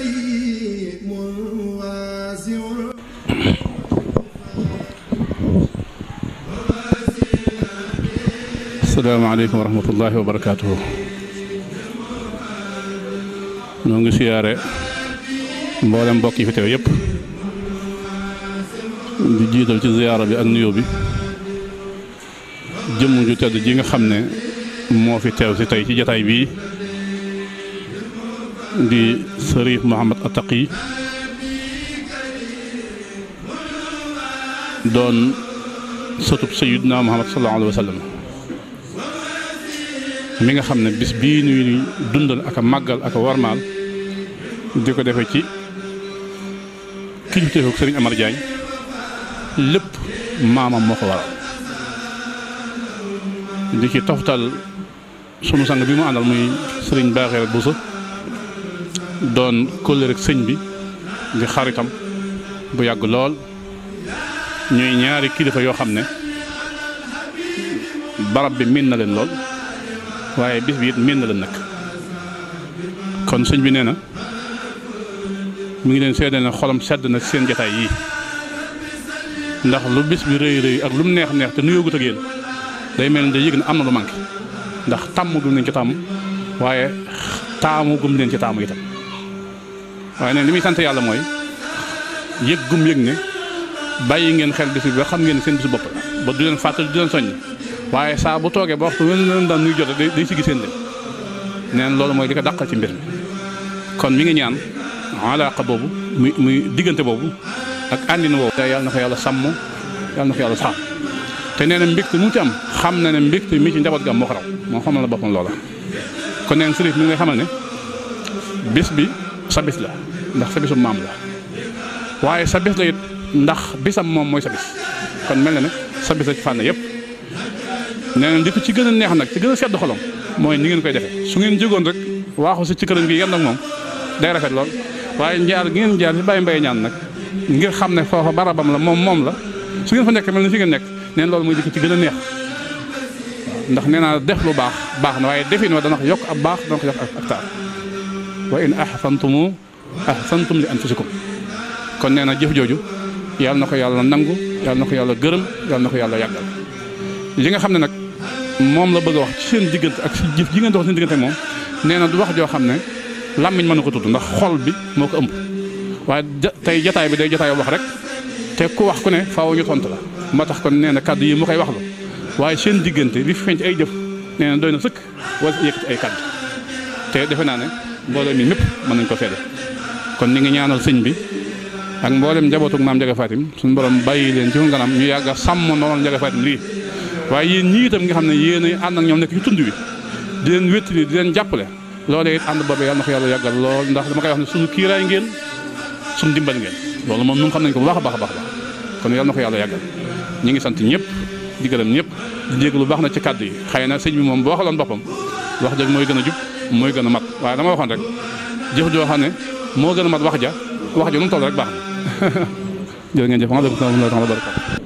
كريم واسع السلام عليكم ورحمة الله ngi siyaare mboolem mbokk yi fi teew yépp di jiital ci ziyaara bi ak nuyoo bi jëmm ju tedd ji nga xam ne moo fi teew si tey ci jataay bii di Sërif Muhammad Ataqi doon sëtub Sayyidna Muhammad sallallahu alayhi wa mi nga xam ne bis bii nuy dundal ak a màggal ak a warmaal di ko defee ci kilifteefu Sëriñ Amar Diagne lépp maamam moo ko waral di ci toftal sunu sang bi mu àndal muy Sëriñ Baaxeel Buso doon kóllëre sëñ bi di xaritam bu yàgg lool ñuy ñaari kilifa yoo xam ne barab bi miin na leen lool waaye bis bi it miin na leen nag kon sëñ bi nee na mu ngi leen seedeel na xolam sedd na seen jataay yii ndax lu bis bi rëy rëy ak lu mu neex neex te nuyoogut ak yéen day mel ni day yëg na am na lu manqué ndax tàmm gum leen ci tàmm waaye taamu gum leen ci taamu itam waaye nag li muy sant yàlla mooy yëg gum yëg ne bàyyi ngeen xel bis bi ba xam ngeen seen bi si bopp la ba du leen fàttali du leen soññ waaye saa bu toogee ba waxtu wen leen daan nuy jot day sigi seen leen neen loolu mooy li ko dàqal ci mbir mi kon mi ngi ñaan alaqa boobu muy muy diggante boobu ak àndina boobu da yàlla na ko yàlla sàmm yàlla na ko yàlla sàmm te nee na mbégte mu ci am xam na ne mbégte mi ci njaboot gi am moo ko raw la boppam loola kon neen sëriñ mi nga xamal ne bis bi sa la ndax sa bisum maam la waaye sa bis la it ndax bisam moom mooy sa bis kon mel na ne sa bis la ci fànn yëpp nee na li ci gën a neex nag ci gën a mooy ni ngeen koy defee su ngeen jógoon rek waaxu si ci këram gi yem nag moom day rafet lool waaye njaar gi ngeen njaar si bàyyi mbay ñaan nag ngir xam ne foofa barabam la moom moom la su ngeen fa nekk mel ni fi ngeen nekk neen loolu mooy li ci gën a neex ndax nee def lu baax baax na waaye defin wa dana ko yokk ab baax dana ko yokk ak taar wa in ahsantumu ahsantum li anfusikum kon nee na jëf jooju yàlla na ko yàlla nangu yàlla na ko yàlla gërëm yàlla na ko yàlla yàggal li nga xam ne nag moom la bëgg a wax ci seen diggante ak si jëf ji ngeen dox seen diggante moom nee na du wax joo xam ne làmmiñ mën na ko tudd ndax xol bi moo ko ëmb waaye tey jataay bi day jataay wax rek te ku wax ku ne faaw ñu la moo tax kon nee na kàddu yi mu koy wax la waaye seen diggante li fi feeñ ay jëf nee na doy na sëkk ay kàddu te defe naa ne mbooloo mi ñëpp mën nañ ko seede kon ni ngi ñaanal sëñ bi ak mboolem njabootug maam Njaga Fatim suñu borom bàyyi leen ci suñu kanam ñu yàgg a sàmm noonu Njaga Fatim lii waaye yéen ñii itam nga xam ne yéen a ànd ak ñoom nekk ci tund wi di leen wéttali di leen jàppale loolee it ànd boobu yàlla na ko yàlla yàggal lool ndax dama koy wax ne suñu kiiraay ngeen suñu dimbal ngeen loolu moom nu xam nañ ko bu a baax a baax kon yàlla na ko yàlla yàggal ñu ngi sant ñëpp di gërëm ñëpp di jégg baax na ci kàddu yi xëy na sëñ bi moom boo xaloon boppam wax dëgg mooy gën a jub mooy gën a mat waaye dama waxoon rek jëf joo xam ne moo gën a mat wax ja wax ja nu mu toll rek baax na jërë ngeen jëf maa ngi leen di sant